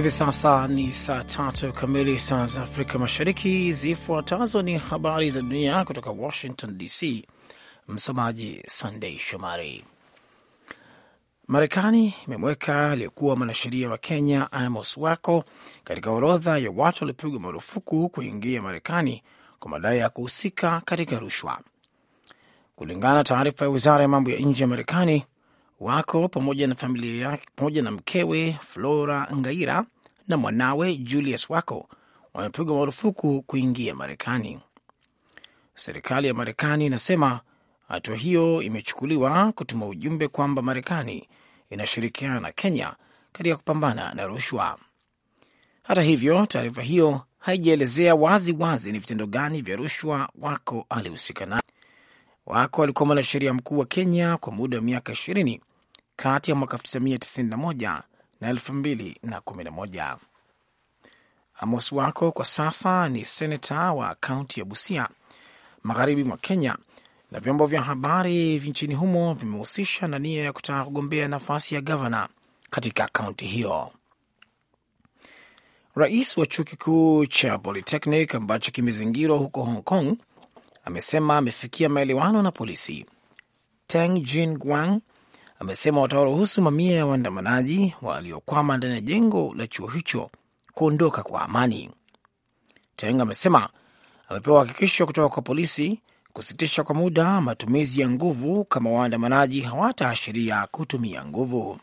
Hivi sasa ni saa tatu kamili saa za Afrika Mashariki. Zifuatazo ni habari za dunia kutoka Washington DC. Msomaji Sandei Shomari. Marekani imemweka aliyekuwa mwanasheria wa Kenya Amos Wako katika orodha ya watu waliopigwa marufuku kuingia Marekani kwa madai ya kuhusika katika rushwa, kulingana na taarifa ya wizara ya mambo ya nje ya Marekani wako pamoja na familia yake pamoja na mkewe Flora Ngaira na mwanawe Julius Wako wamepigwa marufuku kuingia Marekani. Serikali ya Marekani inasema hatua hiyo imechukuliwa kutuma ujumbe kwamba Marekani inashirikiana na Kenya katika kupambana na rushwa. Hata hivyo, taarifa hiyo haijaelezea wazi wazi ni vitendo gani vya rushwa Wako alihusika Wako alikuwa mwanasheria mkuu wa Kenya kwa muda wa miaka ishirini kati ya mwaka 1991 na 2011. Amos Wako kwa sasa ni seneta wa kaunti ya Busia, magharibi mwa Kenya, na vyombo vya habari nchini humo vimehusisha na nia ya kutaka kugombea nafasi ya gavana katika kaunti hiyo. Rais wa chuo kikuu cha Polytechnic ambacho kimezingirwa huko Hong Kong amesema amefikia maelewano na polisi. Tang Jin Guang amesema watawaruhusu mamia ya waandamanaji waliokwama ndani ya jengo la chuo hicho kuondoka kwa amani. Teng amesema amepewa uhakikisho kutoka kwa polisi kusitisha kwa muda matumizi ya nguvu kama waandamanaji hawataashiria kutumia nguvu.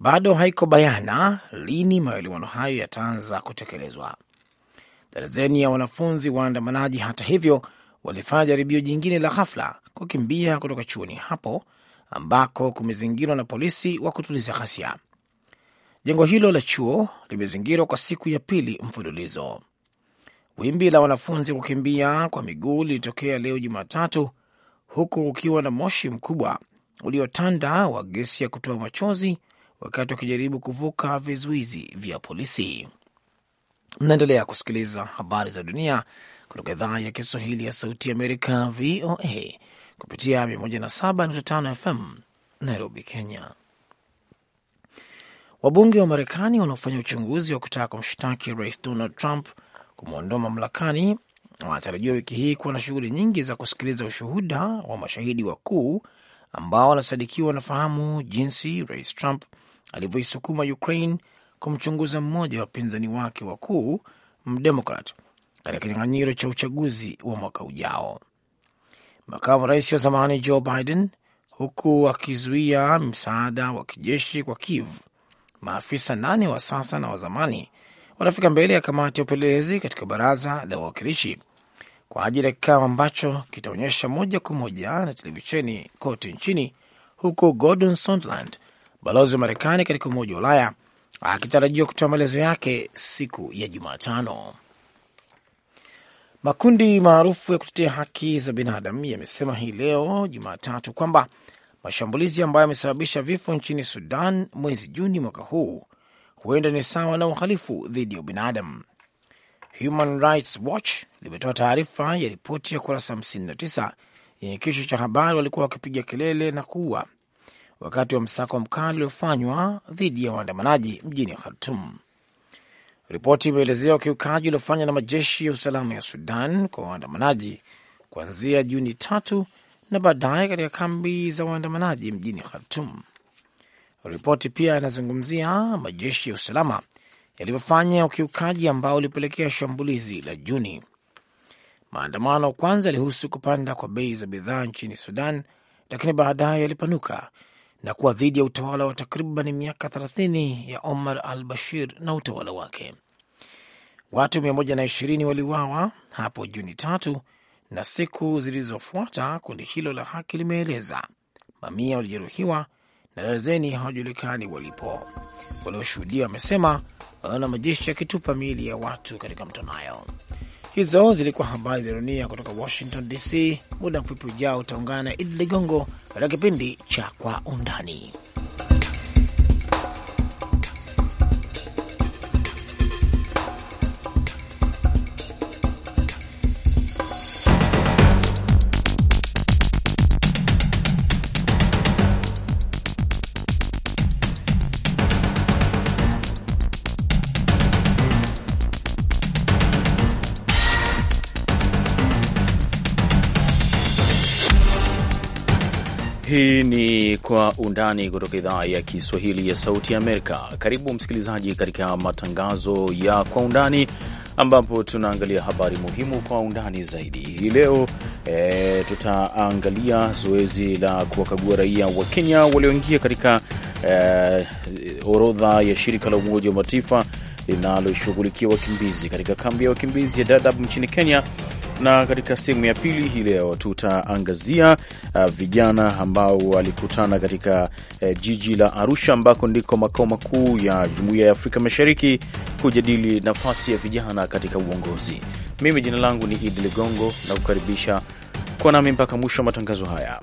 Bado haiko bayana lini maelewano hayo yataanza kutekelezwa. Darazeni ya wanafunzi waandamanaji, hata hivyo, walifanya jaribio jingine la ghafla kukimbia kutoka chuoni hapo ambako kumezingirwa na polisi wa kutuliza ghasia. Jengo hilo la chuo limezingirwa kwa siku ya pili mfululizo. Wimbi la wanafunzi kukimbia kwa miguu lilitokea leo Jumatatu, huku kukiwa na moshi mkubwa uliotanda wa gesi ya kutoa machozi wakati wakijaribu kuvuka vizuizi vya polisi. Mnaendelea kusikiliza habari za dunia kutoka idhaa ya Kiswahili ya Sauti Amerika, VOA, kupitia 107.5 FM Nairobi, Kenya. Wabunge wa Marekani wanaofanya uchunguzi wa kutaka kumshtaki Rais Donald Trump kumwondoa mamlakani wanatarajiwa wiki hii kuwa na shughuli nyingi za kusikiliza ushuhuda wa mashahidi wakuu ambao wanasadikiwa wanafahamu jinsi Rais Trump alivyoisukuma Ukraine kumchunguza mmoja wa wapinzani wake wakuu mdemokrat katika kinyang'anyiro cha uchaguzi wa mwaka ujao makamu rais wa zamani Joe Biden, huku akizuia msaada wa kijeshi kwa Kiev. Maafisa nane wa sasa na wa zamani wanafika mbele ya kamati ya upelelezi katika baraza la wawakilishi kwa ajili ya kikao ambacho kitaonyesha moja kwa moja na televisheni kote nchini, huku Gordon Sondland, balozi wa Marekani katika Umoja wa Ulaya, akitarajiwa kutoa maelezo yake siku ya Jumatano. Makundi maarufu ya kutetea haki za binadamu yamesema hii leo Jumatatu kwamba mashambulizi ambayo yamesababisha vifo nchini Sudan mwezi Juni mwaka huu huenda ni sawa na uhalifu dhidi ya ubinadamu. Human Rights Watch limetoa taarifa ya ripoti ya kurasa 59 yenye kichwa cha habari walikuwa wakipiga kelele na kuua wakati wa msako mkali uliofanywa dhidi ya waandamanaji mjini Khartum. Ripoti imeelezea ukiukaji uliofanywa na majeshi ya usalama ya Sudan kwa waandamanaji kuanzia Juni tatu na baadaye katika kambi za waandamanaji mjini Khartum. Ripoti pia inazungumzia majeshi ya usalama yalivyofanya ukiukaji ambao ulipelekea shambulizi la Juni. Maandamano kwanza yalihusu kupanda kwa bei za bidhaa nchini Sudan, lakini baadaye yalipanuka na kuwa dhidi ya utawala wa takriban miaka 30 ya Omar al Bashir na utawala wake. Watu 120 waliuawa hapo Juni tatu, na siku zilizofuata kundi hilo la haki limeeleza mamia walijeruhiwa na darazeni hawajulikani walipo. Walioshuhudia wamesema wanaona majeshi yakitupa miili ya watu katika mto Nile. Hizo zilikuwa habari za dunia kutoka Washington DC. Muda mfupi ujao utaungana na Idi Ligongo katika kipindi cha Kwa Undani. Hii ni Kwa Undani kutoka idhaa ya Kiswahili ya Sauti ya Amerika. Karibu msikilizaji, katika matangazo ya Kwa Undani ambapo tunaangalia habari muhimu kwa undani zaidi. Hii leo e, tutaangalia zoezi la kuwakagua raia wa Kenya walioingia katika e, orodha ya shirika la Umoja wa Mataifa linaloshughulikia wakimbizi katika kambi ya wakimbizi ya Dadaab nchini Kenya na katika sehemu ya pili hii leo tutaangazia uh, vijana ambao walikutana katika uh, jiji la Arusha ambako ndiko makao makuu ya Jumuiya ya Afrika Mashariki kujadili nafasi ya vijana katika uongozi. Mimi jina langu ni Idi Ligongo na kukaribisha kwa nami mpaka mwisho wa matangazo haya.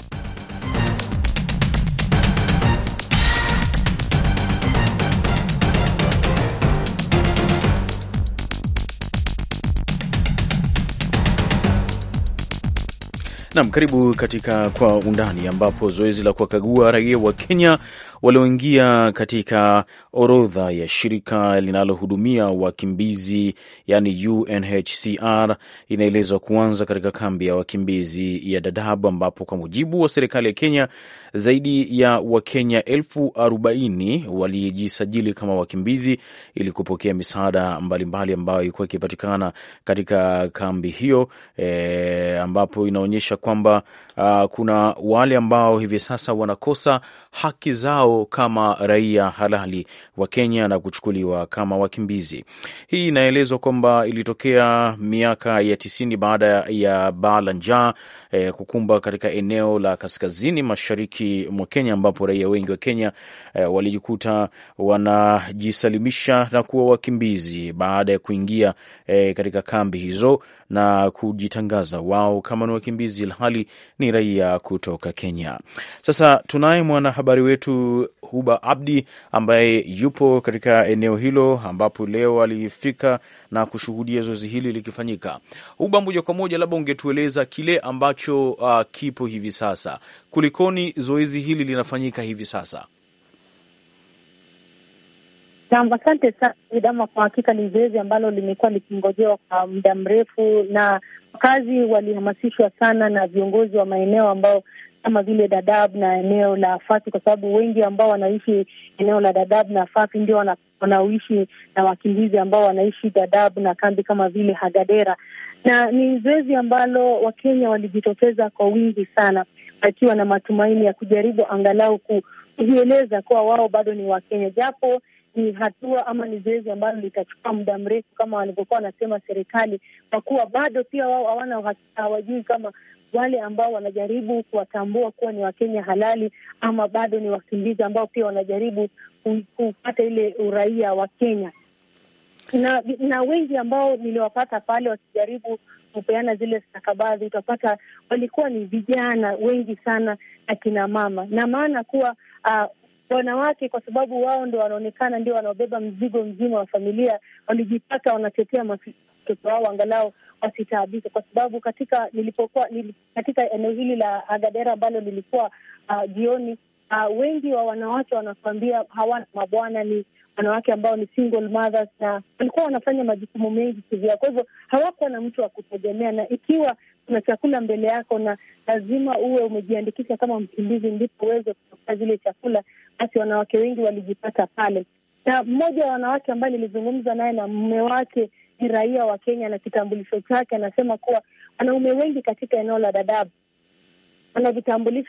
Nam, karibu katika Kwa Undani, ambapo zoezi la kuwakagua raia wa Kenya walioingia katika orodha ya shirika linalohudumia wakimbizi yani UNHCR inaelezwa kuanza katika kambi ya wakimbizi ya Dadaab, ambapo kwa mujibu wa serikali ya Kenya zaidi ya Wakenya elfu arobaini walijisajili kama wakimbizi ili kupokea misaada mbalimbali ambayo ilikuwa ikipatikana katika kambi hiyo e, ambapo inaonyesha kwamba a, kuna wale ambao hivi sasa wanakosa haki zao kama raia halali wa Kenya na kuchukuliwa kama wakimbizi. Hii inaelezwa kwamba ilitokea miaka ya tisini baada ya baa la njaa eh, kukumba katika eneo la kaskazini mashariki mwa Kenya ambapo raia wengi wa Kenya eh, walijikuta wanajisalimisha na kuwa wakimbizi baada ya kuingia eh, katika kambi hizo na kujitangaza wao kama ni wakimbizi ilhali ni raia kutoka Kenya. Sasa tunaye mwanahabari wetu Huba Abdi ambaye yupo katika eneo hilo ambapo leo alifika na kushuhudia zoezi hili likifanyika. Huba, moja kwa moja, labda ungetueleza kile ambacho uh, kipo hivi sasa, kulikoni zoezi hili linafanyika hivi sasa? Naam, asante sana Idama. Kwa hakika ni zoezi ambalo limekuwa likingojewa kwa muda mrefu, na wakazi walihamasishwa sana na viongozi wa maeneo ambao kama vile dadab na eneo la Fafi, kwa sababu wengi ambao wanaishi eneo la dadab na Fafi ndio wanaoishi na wakimbizi ambao wanaishi dadab na kambi kama vile Hagadera, na ni zoezi ambalo Wakenya walijitokeza kwa wingi sana, wakiwa na matumaini ya kujaribu angalau kujieleza kuwa wao bado ni Wakenya japo ni hatua ama ni zoezi ambalo litachukua muda mrefu, kama walivyokuwa wanasema serikali, kwa kuwa bado pia wao hawana uhakika, hawajui kama wale ambao wanajaribu kuwatambua kuwa ni Wakenya halali ama bado ni wakimbizi ambao pia wanajaribu kupata ile uraia wa Kenya na, na wengi ambao niliwapata pale wakijaribu kupeana zile stakabadhi, utapata walikuwa ni vijana wengi sana na kina mama, na maana kuwa uh, wanawake kwa sababu wao ndo wanaonekana ndio wanaobeba mzigo mzima wa familia, walijipata wanatetea watoto wao angalau wasitaabika, kwa sababu katika nilipokuwa katika eneo hili la Agadera ambalo nilikuwa uh, ah, jioni uh, wengi wa wanawake wanakuambia hawana mabwana, ni wanawake ambao ni single mothers, na walikuwa wanafanya majukumu mengi kivyao. Kwa hivyo hawakuwa na mtu wa kutegemea, na ikiwa kuna chakula mbele yako na lazima uwe umejiandikisha kama mkimbizi ndipo uweze kutafuta zile chakula, basi wanawake wengi walijipata pale. Na mmoja wa wanawake ambaye nilizungumza naye na mume wake ni raia wa Kenya na kitambulisho chake, anasema kuwa wanaume wengi katika eneo la Dadaab ana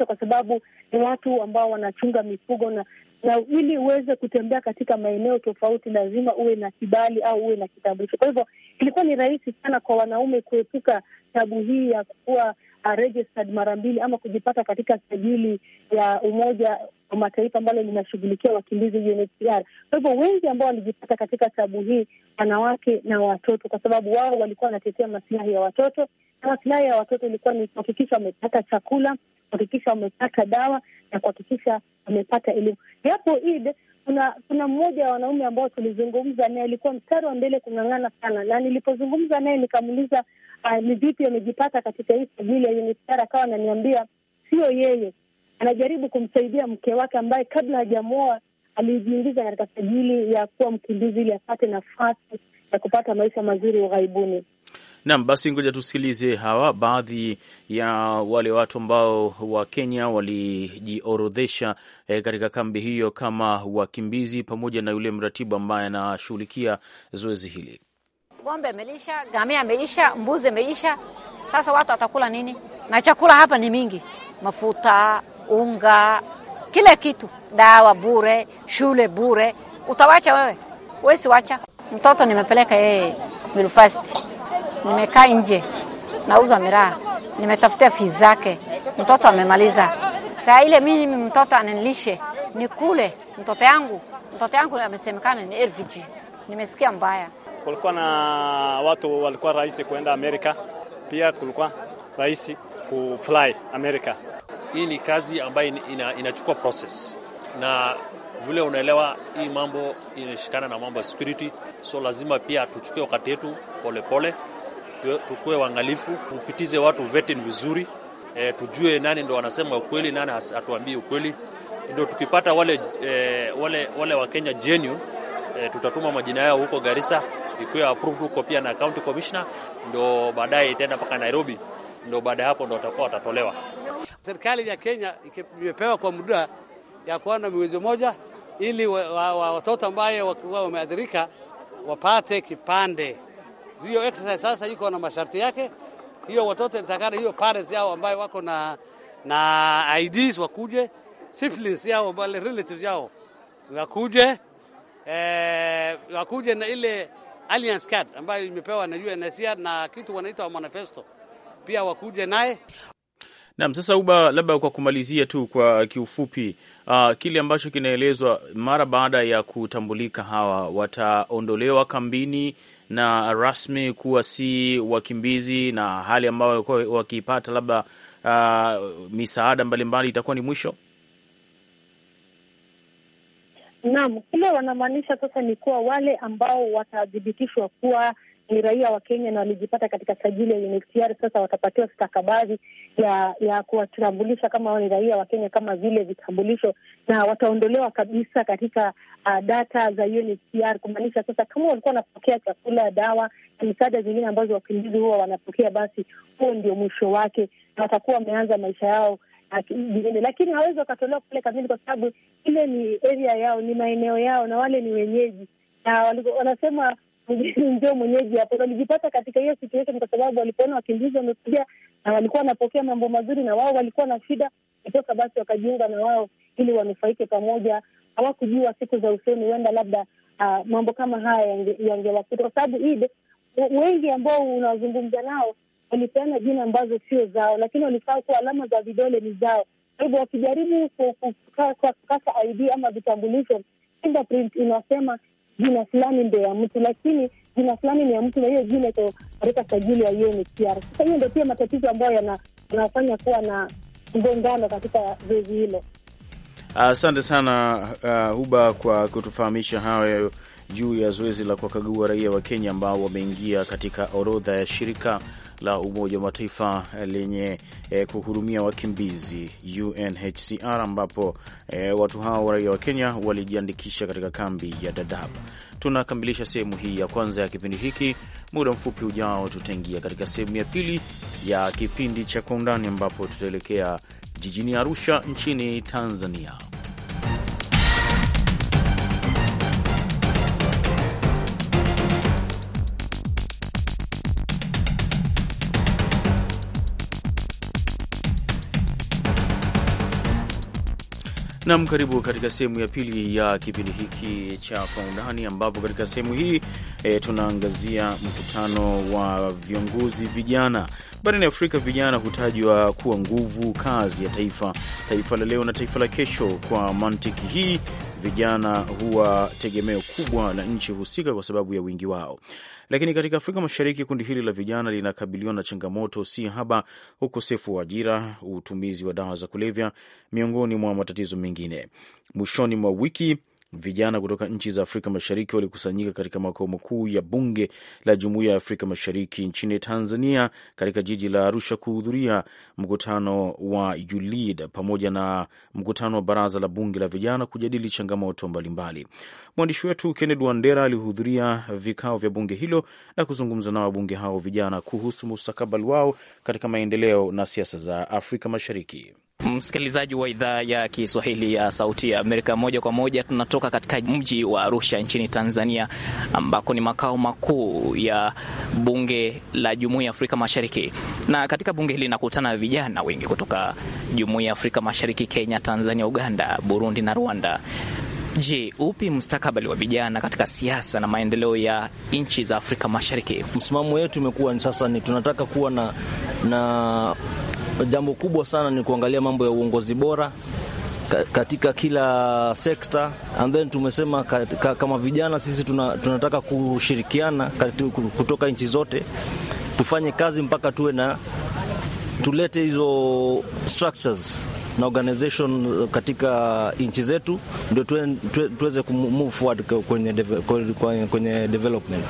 kwa sababu ni watu ambao wanachunga mifugo na na ili uweze kutembea katika maeneo tofauti lazima uwe na kibali au uwe na kitambulisho. Kwa hivyo ilikuwa ni rahisi sana kwa wanaume kuepuka tabu hii ya kuwa registered mara mbili ama kujipata katika sajili ya Umoja wa Mataifa ambalo linashughulikia wakimbizi UNHCR. Kwa hivyo wengi ambao walijipata katika tabu hii, wanawake na watoto, kwa sababu wao walikuwa wanatetea masilahi ya watoto, na masilahi ya watoto ilikuwa ni kuhakikisha wamepata chakula, kuhakikisha wamepata dawa na kuhakikisha wamepata elimu. Japo kuna kuna mmoja wa wanaume ambao tulizungumza naye, alikuwa mstari wa mbele kung'ang'ana sana, na nilipozungumza naye nikamuuliza ah, ni vipi amejipata katika hii sajili ya UNHCR, akawa ananiambia sio yeye, anajaribu kumsaidia mke wake ambaye kabla hajamwoa alijiingiza katika sajili ya kuwa mkimbizi ili apate nafasi ya kupata maisha mazuri ughaibuni. Naam, basi ngoja tusikilize hawa baadhi ya wale watu ambao wa Kenya walijiorodhesha e, katika kambi hiyo kama wakimbizi pamoja na yule mratibu ambaye anashughulikia zoezi hili. Ng'ombe amelisha, ngamia ameisha, mbuzi ameisha. Sasa watu watakula nini? Na chakula hapa ni mingi, mafuta, unga, kila kitu, dawa bure, shule bure. Utawacha wewe? Wesi wacha mtoto, nimepeleka yeye university nimekaa nje, nauza miraa, nimetafutia fii zake, mtoto amemaliza. Saa ile mimi mtoto ananilishe ni kule mtoto yangu, mtoto yangu amesemekana ni RVG. nimesikia mbaya. Kulikuwa na watu walikuwa rahisi kuenda Amerika, pia kulikuwa rahisi kufly Amerika. Hii ni kazi ambayo ina, inachukua process na vile unaelewa, hii mambo inashikana na mambo ya security, so lazima pia tuchukue wakati yetu polepole tukuwe waangalifu, tupitize watu vetting vizuri e, tujue nani ndo wanasema ukweli, nani hatuambii ukweli. Ndio tukipata wale, e, wale, wale Wakenya genuine e, tutatuma majina yao huko Garissa ikiwa approved huko pia na county commissioner, ndo baadaye itaenda mpaka Nairobi, ndo baada ya hapo ndo watakuwa watatolewa. Serikali ya Kenya imepewa kwa muda ya kuwa na moja ili wa, wa, wa, watoto ambaye wameathirika wapate kipande hiyo exercise sasa iko na masharti yake. Hiyo watoto takana hiyo parents yao ambayo wako na, na IDs wakuje, siblings yao wale relatives yao wakuje, eh, wakuje na ile alliance card ambayo imepewa na UNHCR na kitu wanaita manifesto pia wakuje naye. Naam, sasa uba, labda kwa kumalizia tu kwa kiufupi, uh, kile ambacho kinaelezwa mara baada ya kutambulika hawa wataondolewa kambini na rasmi kuwa si wakimbizi, na hali ambayo walikuwa wakiipata labda uh, misaada mbalimbali itakuwa ni mwisho. Naam, kile wanamaanisha sasa ni kuwa wale ambao watathibitishwa kuwa ni raia wa Kenya na walijipata katika sajili ya UNHCR. Sasa watapatiwa stakabadhi ya ya kuwatambulisha kama wao ni raia wa Kenya kama vile vitambulisho, na wataondolewa kabisa katika uh, data za UNHCR, kumaanisha sasa kama walikuwa wanapokea chakula, dawa na misaada zingine ambazo wakimbizi huwa wanapokea, basi huo ndio mwisho wake na watakuwa wameanza maisha yao vingine lakini hawezi wakatolewa kule kazini, kwa sababu ile ni area yao, ni maeneo yao, na wale ni wenyeji, na wanasema ndio mwenyeji hapo. Walijipata katika hiyo situation kwa sababu walipoona wakimbizi wamekuja na walikuwa wanapokea mambo mazuri, na wao walikuwa na shida kutoka, basi wakajiunga na wao ili wanufaike pamoja. Hawakujua siku za usoni huenda labda uh, mambo kama haya yangewakuta, kwa sababu id wengi ambao unazungumza nao walipeana jina ambazo sio zao, lakini walisahau kuwa alama za vidole ni zao. Kwa hivyo wakijaribu kukasa ID ama vitambulisho, fingerprint inasema jina fulani ndo ya mtu, lakini jina fulani ni ya mtu na hiyo jina iko katika sajili ya UNHCR. Sasa hiyo ndo pia matatizo ambayo yanafanya kuwa na mgongano katika zoezi hilo. Asante uh, sana uh, Huba kwa kutufahamisha hayo juu ya zoezi la kuwakagua raia wa Kenya ambao wameingia katika orodha ya shirika la Umoja wa Mataifa eh, lenye eh, kuhudumia wakimbizi UNHCR, ambapo eh, watu hao raia wa Kenya walijiandikisha katika kambi ya Dadaab. Tunakamilisha sehemu hii ya kwanza ya kipindi hiki. Muda mfupi ujao, tutaingia katika sehemu ya pili ya kipindi cha Kwa Undani, ambapo tutaelekea jijini Arusha nchini Tanzania. Nam, karibu katika sehemu ya pili ya kipindi hiki cha Kwa Undani, ambapo katika sehemu hii e, tunaangazia mkutano wa viongozi vijana barani Afrika. Vijana hutajwa kuwa nguvu kazi ya taifa, taifa la leo na taifa la kesho. Kwa mantiki hii, vijana huwa tegemeo kubwa la nchi husika kwa sababu ya wingi wao. Lakini katika Afrika Mashariki, kundi hili la vijana linakabiliwa na changamoto si haba: ukosefu wa ajira, utumizi wa dawa za kulevya, miongoni mwa matatizo mengine. Mwishoni mwa wiki Vijana kutoka nchi za Afrika Mashariki walikusanyika katika makao makuu ya bunge la Jumuiya ya Afrika Mashariki nchini Tanzania, katika jiji la Arusha kuhudhuria mkutano wa ulid pamoja na mkutano wa baraza la bunge la vijana kujadili changamoto mbalimbali. Mwandishi wetu Kennedy Wandera alihudhuria vikao vya bunge hilo na kuzungumza na wabunge hao vijana kuhusu mustakabali wao katika maendeleo na siasa za Afrika Mashariki. Msikilizaji wa idhaa ya Kiswahili ya Sauti ya Amerika, moja kwa moja tunatoka katika mji wa Arusha nchini Tanzania, ambako ni makao makuu ya bunge la Jumuiya ya Afrika Mashariki. Na katika bunge hili nakutana na vijana wengi kutoka Jumuiya ya Afrika Mashariki, Kenya, Tanzania, Uganda, Burundi na Rwanda. Je, upi mustakabali wa vijana katika siasa na maendeleo ya nchi za Afrika Mashariki? Msimamo wetu umekuwa sasa ni tunataka kuwa na, na jambo kubwa sana ni kuangalia mambo ya uongozi bora katika kila sekta and then tumesema katika, kama vijana sisi tuna, tunataka kushirikiana kutoka nchi zote tufanye kazi mpaka tuwe na tulete hizo structures na organization uh, katika nchi zetu ndio tuweze kumove forward kwenye, kwenye development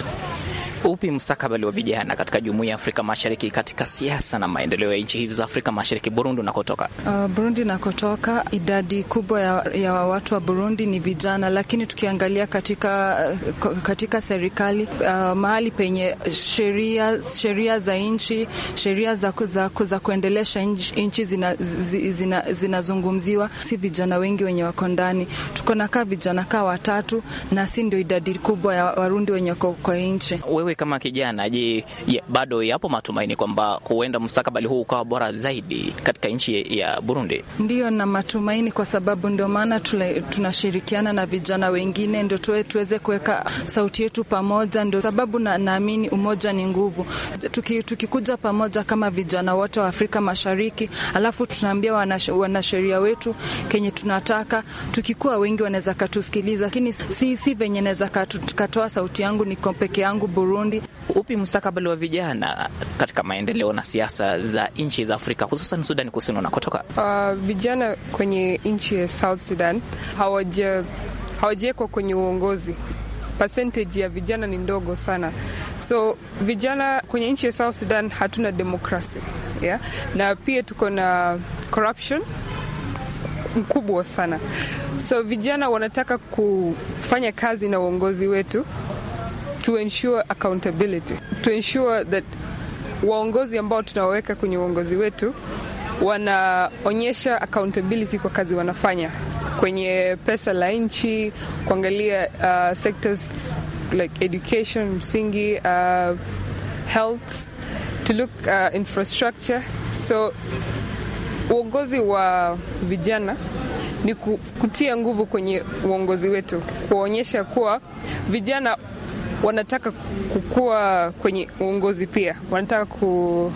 upi mustakabali wa vijana katika jumuiya ya Afrika Mashariki katika siasa na maendeleo ya nchi hizi za Afrika Mashariki? Burundi unakotoka. Uh, Burundi unakotoka, idadi kubwa ya, ya watu wa Burundi ni vijana, lakini tukiangalia katika, uh, katika serikali uh, mahali penye sheria sheria za nchi sheria za, za, za kuendelesha nchi zinazungumziwa zina, zina si vijana wengi wenye wako ndani, tuko na kaa vijana kaa watatu, na si ndio idadi kubwa ya Warundi wenye wako kwa nchi. Wewe wewe kama kijana, je, bado yapo matumaini kwamba huenda mustakabali huu ukawa bora zaidi katika nchi ya Burundi? Ndiyo, na matumaini kwa sababu ndio maana tunashirikiana na vijana wengine ndio tuwe, tuweze kuweka sauti yetu pamoja, ndio sababu na, naamini umoja ni nguvu. Tuki, tukikuja pamoja kama vijana wote wa Afrika Mashariki alafu tunaambia wanasheria wetu kenye tunataka, tukikuwa wengi wanaweza katusikiliza, lakini si, si venye naweza katoa sauti yangu niko peke yangu Burundi Burundi. Upi mustakabali wa vijana katika maendeleo na siasa za nchi za Afrika hususan Sudan Kusini unakotoka? Uh, vijana kwenye nchi ya South Sudan hawajawekwa kwenye uongozi percentage ya vijana ni ndogo sana, so vijana kwenye nchi ya South Sudan hatuna demokrasi yeah? na pia tuko na corruption mkubwa sana, so vijana wanataka kufanya kazi na uongozi wetu to ensure accountability, to ensure that waongozi ambao tunawaweka kwenye uongozi wetu wanaonyesha accountability kwa kazi wanafanya kwenye pesa la nchi, kuangalia uh, sectors like education msingi, uh, health to look uh, infrastructure. So uongozi wa vijana ni kutia nguvu kwenye uongozi wetu, kuwaonyesha kuwa vijana wanataka kukua kwenye uongozi pia, wanataka ku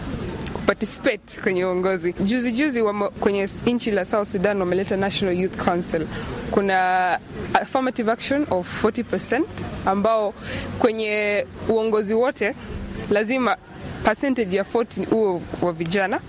participate kwenye uongozi. Juzi juzi wama, kwenye nchi la South Sudan wameleta National Youth Council. Kuna affirmative action of 40% ambao kwenye uongozi wote lazima percentage ya 40 huo wa vijana,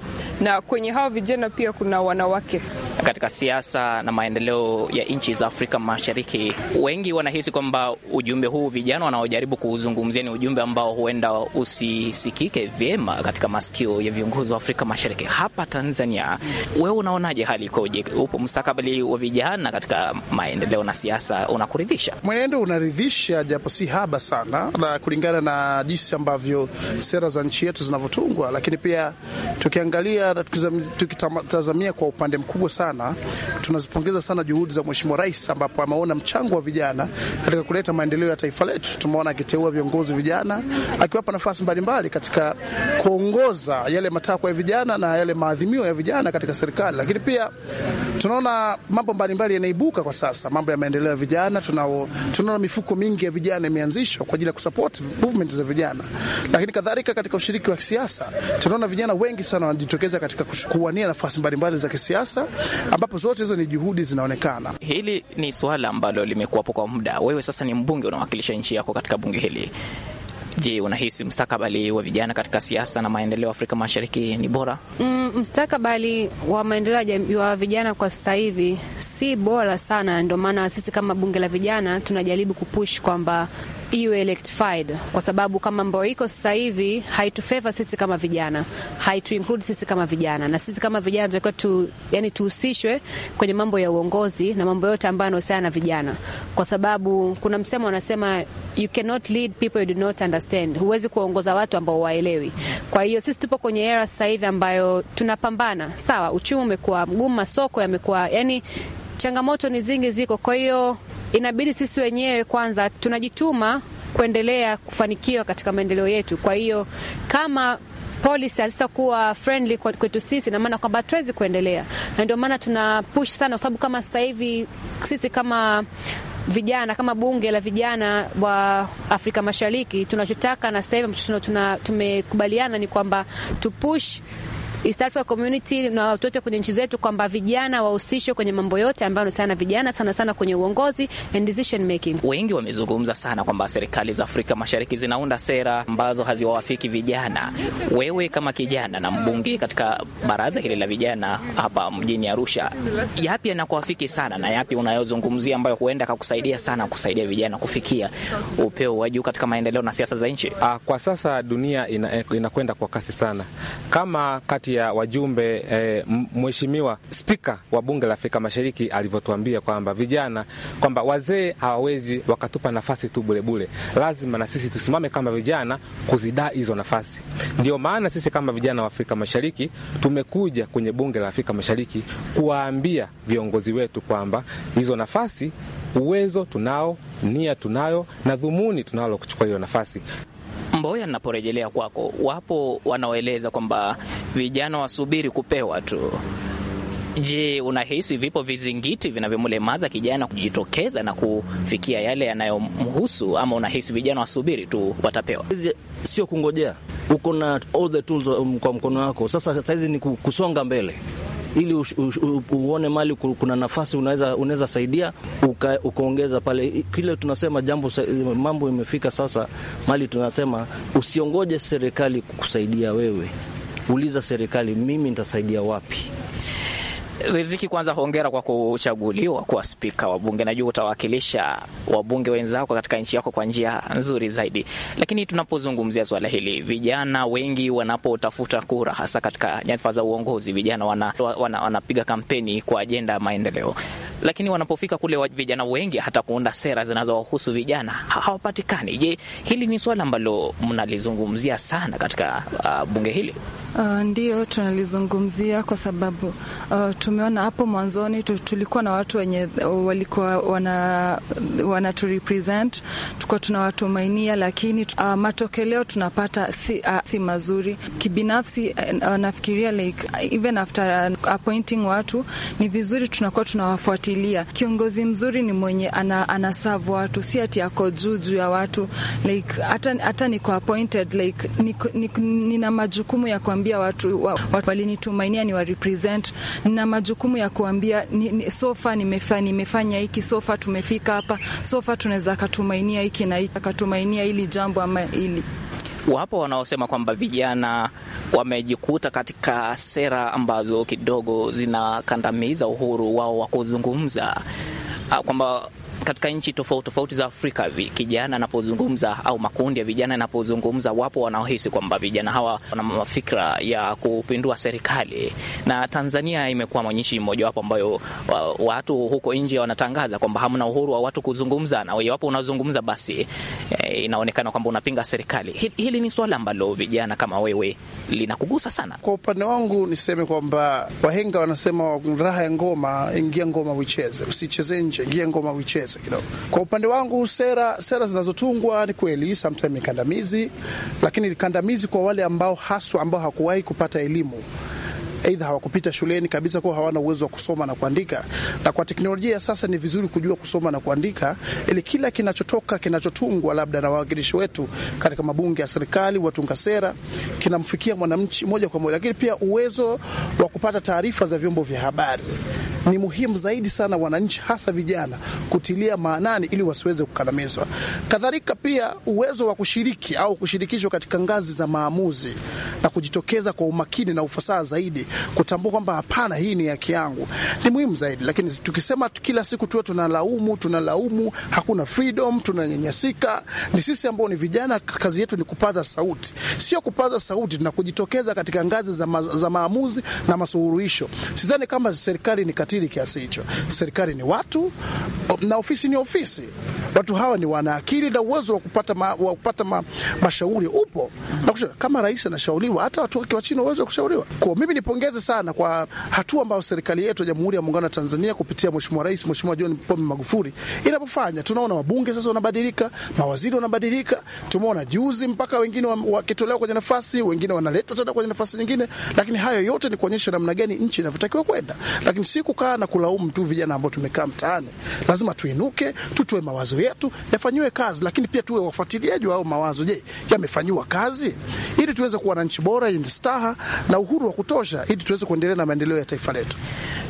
na kwenye hao vijana pia kuna wanawake. Katika siasa na maendeleo ya nchi za Afrika Mashariki, wengi wanahisi kwamba ujumbe huu vijana wanaojaribu kuuzungumzia ni ujumbe ambao huenda usisikike vyema katika masikio ya viongozi wa Afrika Mashariki. Hapa Tanzania, wewe unaonaje, hali ikoje? Upo mustakabali wa vijana katika maendeleo na siasa unakuridhisha? Mwenendo unaridhisha, japo si haba sana, na kulingana na jinsi ambavyo sera za nchi nchi yetu zinavyotungwa, lakini pia tukiangalia na tukitazamia kwa upande mkubwa sana, tunazipongeza sana juhudi za Mheshimiwa Rais ambapo ameona mchango wa vijana katika kuleta maendeleo ya taifa letu. Tumeona akiteua viongozi vijana, akiwapa nafasi mbalimbali katika kuongoza yale matakwa ya vijana na yale maadhimio ya vijana katika serikali, lakini pia tunaona mambo mbalimbali yanaibuka kwa sasa, mambo ya maendeleo ya vijana. Tunaona mifuko mingi ya vijana imeanzishwa kwa ajili ya kusupport movement za vijana, lakini kadhalika katika ushiriki wa kisiasa, tunaona vijana wengi sana wanajitokeza katika kuwania nafasi mbalimbali za kisiasa, ambapo zote hizo ni juhudi zinaonekana. Hili ni suala ambalo limekuwapo kwa muda. Wewe sasa ni mbunge, unawakilisha nchi yako katika bunge hili. Je, unahisi mstakabali wa vijana katika siasa na maendeleo Afrika Mashariki ni bora? Mm, mstakabali wa maendeleo wa vijana kwa sasa hivi si bora sana. Ndio maana sisi kama bunge la vijana tunajaribu kupush kwamba iwe electrified, kwa sababu kama ambayo iko sasa hivi haitufavor sisi kama vijana, haitu include sisi kama vijana, na sisi kama vijana tunatakiwa tu, yani tuhusishwe kwenye mambo ya uongozi na mambo yote ambayo yanahusiana na vijana, kwa sababu kuna msemo wanasema you cannot lead people you do not understand, huwezi kuongoza watu ambao waelewi. Kwa hiyo sisi tupo kwenye era sasa hivi ambayo tunapambana, sawa, uchumi umekuwa mgumu, masoko yamekuwa yani changamoto ni zingi ziko, kwa hiyo inabidi sisi wenyewe kwanza tunajituma kuendelea kufanikiwa katika maendeleo yetu. Kwa hiyo kama polisi hazitakuwa friendly kwetu sisi, na maana kwamba hatuwezi kuendelea, na ndio maana tuna push sana, kwa sababu kama sasa hivi sisi kama vijana kama bunge la vijana wa Afrika Mashariki tunachotaka na sasa hivi ambacho tumekubaliana ni kwamba tupush East Africa Community na watu wote kwenye nchi zetu kwamba vijana wahusishwe kwenye mambo yote ambayo yanahusiana vijana sana sana kwenye uongozi and decision making. Wengi wamezungumza sana kwamba serikali za Afrika Mashariki zinaunda sera ambazo haziwawafiki vijana. Wewe kama kijana na mbunge katika baraza hili la vijana hapa mjini Arusha, yapi yanakuafiki sana na yapi unayozungumzia ambayo huenda kakusaidia sana kusaidia vijana kufikia upeo wa juu katika maendeleo na siasa za nchi? Ah, kwa sasa dunia inakwenda ina kwa kasi sana kama kati kati ya wajumbe e, mheshimiwa spika wa bunge la Afrika Mashariki alivyotuambia kwamba vijana, kwamba wazee hawawezi wakatupa nafasi tu bulebule, lazima na sisi tusimame kama vijana kuzidaa hizo nafasi. Ndio maana sisi kama vijana wa Afrika Mashariki tumekuja kwenye bunge la Afrika Mashariki kuwaambia viongozi wetu kwamba hizo nafasi, uwezo tunao, nia tunayo na dhumuni tunalo kuchukua hiyo nafasi. Mboya, naporejelea kwako, wapo wanaoeleza kwamba vijana wasubiri kupewa tu. Je, unahisi vipo vizingiti vinavyomlemaza kijana kujitokeza na kufikia yale yanayomhusu, ama unahisi vijana wasubiri tu watapewa? Sio kungojea, uko na all the tools um, kwa mkono wako. Sasa saizi ni kusonga mbele ili u, u, u, uone mali kuna nafasi unaweza, unaweza saidia uka, ukaongeza pale kile tunasema jambo, mambo imefika sasa mali tunasema usiongoje serikali kukusaidia wewe, uliza serikali, mimi nitasaidia wapi? Riziki, kwanza hongera kwa kuchaguliwa kuwa spika wa bunge. Najua utawakilisha wabunge wenzako katika nchi yako kwa njia nzuri zaidi, lakini tunapozungumzia swala hili, vijana wengi wanapotafuta kura, hasa katika nyadhifa za uongozi, vijana wanapiga wana, wana kampeni kwa ajenda ya maendeleo lakini wanapofika kule vijana wengi hata kuunda sera zinazowahusu vijana hawapatikani. Je, hili ni swala ambalo mnalizungumzia sana katika uh, bunge hili? Uh, ndio tunalizungumzia kwa sababu uh, tumeona hapo mwanzoni tulikuwa na watu wenye uh, walikuwa wana, wana tu represent tulikuwa tunawatumainia, lakini uh, matokeleo tunapata si, uh, si mazuri. Kibinafsi uh, nafikiria like even after appointing watu ni vizuri tunakuwa tunawafuatia kufuatilia. Kiongozi mzuri ni mwenye ana, anaserve watu, si ati ako juu juu ya watu like hata, hata niko appointed like niko, niko, nina majukumu ya kuambia watu wa, walinitumainia ni wa represent. Nina majukumu ya kuambia ni, ni, sofa nimefanya nimefanya hiki, sofa tumefika hapa, sofa tunaweza katumainia hiki na hiki, katumainia hili jambo ama hili wapo wanaosema kwamba vijana wamejikuta katika sera ambazo kidogo zinakandamiza uhuru wao wa kuzungumza, ah, kwamba katika nchi tofauti tofauti za Afrika, kijana anapozungumza au makundi ya vijana yanapozungumza, wapo wanaohisi kwamba vijana hawa wana mafikra ya kupindua serikali, na Tanzania imekuwa mwenyeshi mmojawapo ambayo watu huko nje wanatangaza kwamba hamna uhuru wa watu kuzungumza, na iwapo unazungumza basi eh, inaonekana kwamba unapinga serikali. Hili ni swala ambalo vijana kama wewe linakugusa sana. Kwa upande wangu niseme kwamba wahenga wanasema raha ya ngoma, ingia ngoma uicheze, usicheze nje, ingia ngoma uicheze maelezo kidogo. Kwa upande wangu, sera sera zinazotungwa ni kweli sometimes ni kandamizi, lakini kandamizi kwa wale ambao haswa ambao hakuwahi kupata elimu aidha hawakupita shuleni kabisa, kuwa hawana uwezo wa kusoma na kuandika. Na kwa teknolojia sasa ni vizuri kujua kusoma na kuandika, ili kila kinachotoka kinachotungwa labda na wawakilishi wetu katika mabunge ya serikali, watunga sera, kinamfikia mwananchi moja kwa moja, lakini pia uwezo wa kupata taarifa za vyombo vya habari ni muhimu zaidi sana wananchi hasa vijana kutilia maanani ili wasiweze kukandamizwa. Kadhalika pia uwezo wa kushiriki au kushirikishwa katika ngazi za maamuzi na kujitokeza kwa umakini na ufasaha zaidi, kutambua kwamba hapana, hii ni haki yangu, ni muhimu zaidi. Lakini tukisema kila siku tuwe tunalaumu, tunalaumu, hakuna freedom, tunanyanyasika, ni sisi ambao ni vijana, kazi yetu ni kupaza sauti, sio kupaza sauti na kujitokeza katika ngazi za, ma za maamuzi na masuluhisho. Sidhani kama serikali ni ukatili kiasi hicho. Serikali ni watu na ofisi ni ofisi. Watu hawa ni wanaakili na uwezo wa kupata, ma, wa kupata ma, mashauri upo na kushauri. Kama rais anashauriwa, hata watu wake wa chini waweze kushauriwa. Kwa mimi nipongeze sana kwa hatua ambayo serikali yetu ya Jamhuri ya Muungano wa Tanzania kupitia Mheshimiwa Rais Mheshimiwa John Pombe Magufuli inapofanya. Tunaona wabunge sasa wanabadilika, mawaziri wanabadilika. Tumeona juzi mpaka wengine wakitolewa wa kwenye nafasi, wengine wanaletwa tena kwenye nafasi nyingine, lakini hayo yote ni kuonyesha namna gani nchi inavyotakiwa kwenda, lakini siku kukaa na kulaumu tu vijana ambao tumekaa mtaani. Lazima tuinuke, tutoe mawazo yetu yafanyiwe kazi, lakini pia tuwe wafuatiliaji wa hao mawazo. Je, yamefanyiwa kazi? Ili tuweze kuwa na nchi bora yenye staha na uhuru wa kutosha, ili tuweze kuendelea na maendeleo ya taifa letu.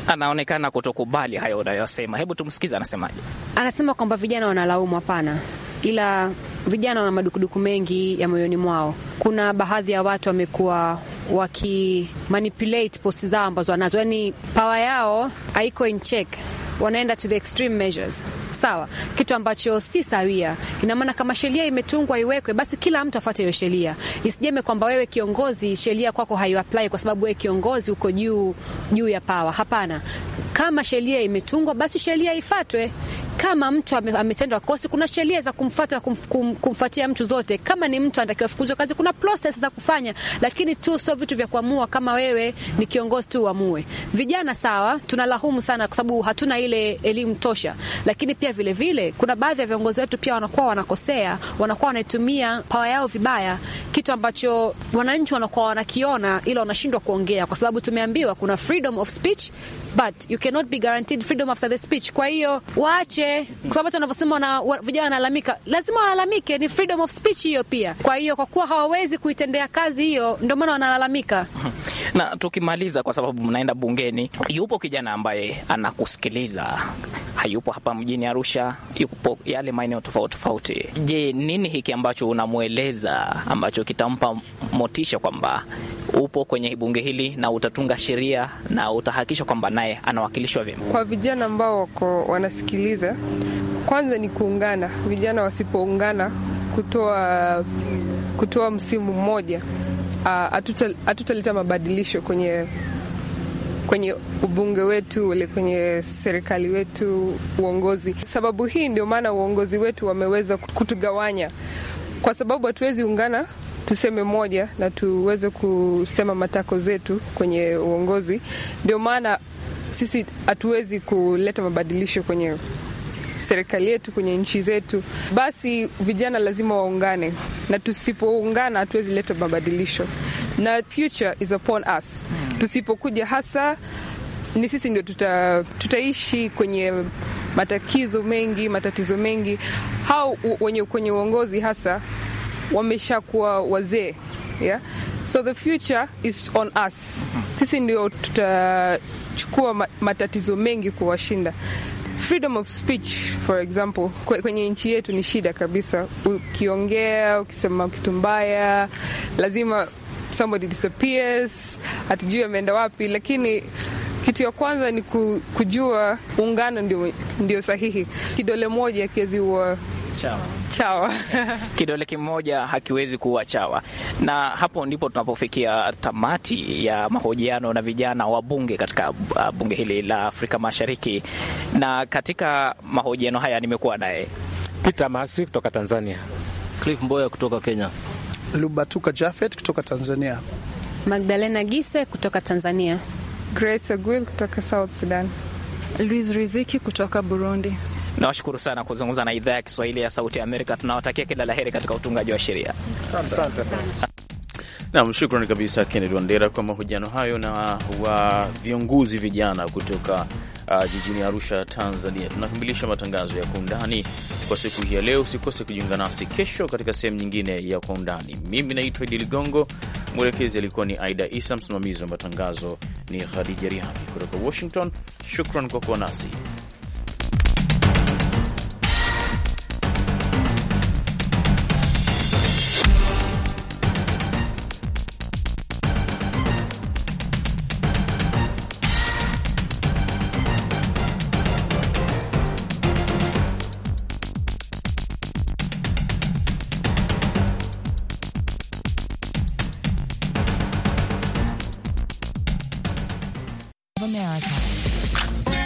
Anaonekana kutokubali hayo unayosema. Hebu tumsikize anasemaje. Anasema kwamba vijana wanalaumu, hapana, ila Vijana wana madukuduku mengi ya moyoni mwao. Kuna baadhi ya watu wamekuwa wakimanipulate posti zao ambazo wanazo, yani pawa yao haiko in check wanaenda to the extreme measures, sawa, kitu ambacho si sawia. Ina maana kama sheria imetungwa iwekwe, basi kila mtu afuate hiyo sheria, isijeme kwamba wewe kiongozi sheria kwako haiapply kwa sababu wewe kiongozi uko juu juu ya pawa. Hapana, kama sheria imetungwa, basi sheria ifatwe kama mtu ametendwa ame kosi, kuna sheria za kumfuata kum, kum, kumfuatia mtu zote. Kama ni mtu anatakiwa kufukuzwa kazi, kuna process za kufanya, lakini tu sio vitu vya kuamua kama wewe ni kiongozi tu uamue. Vijana sawa, tunalahumu sana kwa sababu hatuna ile elimu tosha, lakini pia vile vile kuna baadhi ya viongozi wetu pia wanakuwa wanakosea, wanakuwa wanaitumia power yao vibaya, kitu ambacho wananchi wanakuwa wanakiona, ila wanashindwa kuongea, kwa sababu tumeambiwa kuna freedom of speech but you cannot be guaranteed freedom after the speech. Kwa hiyo waache, kwa sababu wanavyosema na vijana wanalalamika, lazima walalamike, ni freedom of speech hiyo pia. Kwa hiyo kwa kuwa hawawezi kuitendea kazi hiyo, ndio maana wanalalamika. Na tukimaliza, kwa sababu mnaenda bungeni, yupo kijana ambaye anakusikiliza, hayupo hapa mjini Arusha, yupo yale maeneo tofauti tofauti. Je, nini hiki ambacho unamweleza ambacho kitampa motisha kwamba upo kwenye bunge hili na utatunga sheria na utahakikisha kwamba naye anawakilishwa vyema. Kwa vijana ambao wako wanasikiliza, kwanza ni kuungana. Vijana wasipoungana kutoa kutoa msimu mmoja, hatutaleta mabadilisho kwenye kwenye ubunge wetu ule kwenye serikali wetu uongozi. Sababu hii ndio maana uongozi wetu wameweza kutugawanya, kwa sababu hatuwezi ungana tuseme moja na tuweze kusema matako zetu kwenye uongozi. Ndio maana sisi hatuwezi kuleta mabadilisho kwenye serikali yetu, kwenye nchi zetu, basi vijana lazima waungane, na tusipoungana hatuwezi leta mabadilisho, na future is upon us. Hmm. Tusipokuja hasa ni sisi ndio tuta, tutaishi kwenye matakizo mengi, matatizo mengi. Hao wenye kwenye uongozi hasa wameshakuwa wazee, yeah? So the future is on us, hmm. sisi ndio tuta kuchukua matatizo mengi kuwashinda. Freedom of speech for example, kwenye nchi yetu ni shida kabisa. Ukiongea, ukisema kitu mbaya, lazima somebody disappears, hatujui ameenda wapi, lakini kitu ya kwanza ni kujua, ungano ndio, ndio sahihi. Kidole moja akiweziua chawa, chawa. kidole kimoja hakiwezi kuwa chawa. Na hapo ndipo tunapofikia tamati ya mahojiano na vijana wa bunge katika uh, bunge hili la Afrika Mashariki. Na katika mahojiano haya nimekuwa naye Peter Masi kutoka Tanzania, Cliff Mboya kutoka Kenya, Lubatuka Jafet kutoka Tanzania, Magdalena Gise kutoka Tanzania, Grace Ogwil kutoka South Sudan, Luis Riziki kutoka Burundi. Nawashukuru sana kuzungumza na idhaa ya Kiswahili ya Sauti ya Amerika. Tunawatakia kila la heri katika utungaji wa sheria. Nam, shukrani kabisa Kennedy Wandera kwa mahojiano hayo na wa viongozi vijana kutoka uh, jijini Arusha, Tanzania. Tunakamilisha matangazo ya Kwa Undani kwa siku hii ya leo. Usikose kujiunga nasi kesho katika sehemu nyingine ya Kwa Undani. Mimi naitwa Idi Ligongo, mwelekezi alikuwa ni Aida Isa, msimamizi wa matangazo ni Khadija riani kutoka Washington. Shukran kwa kuwa nasi.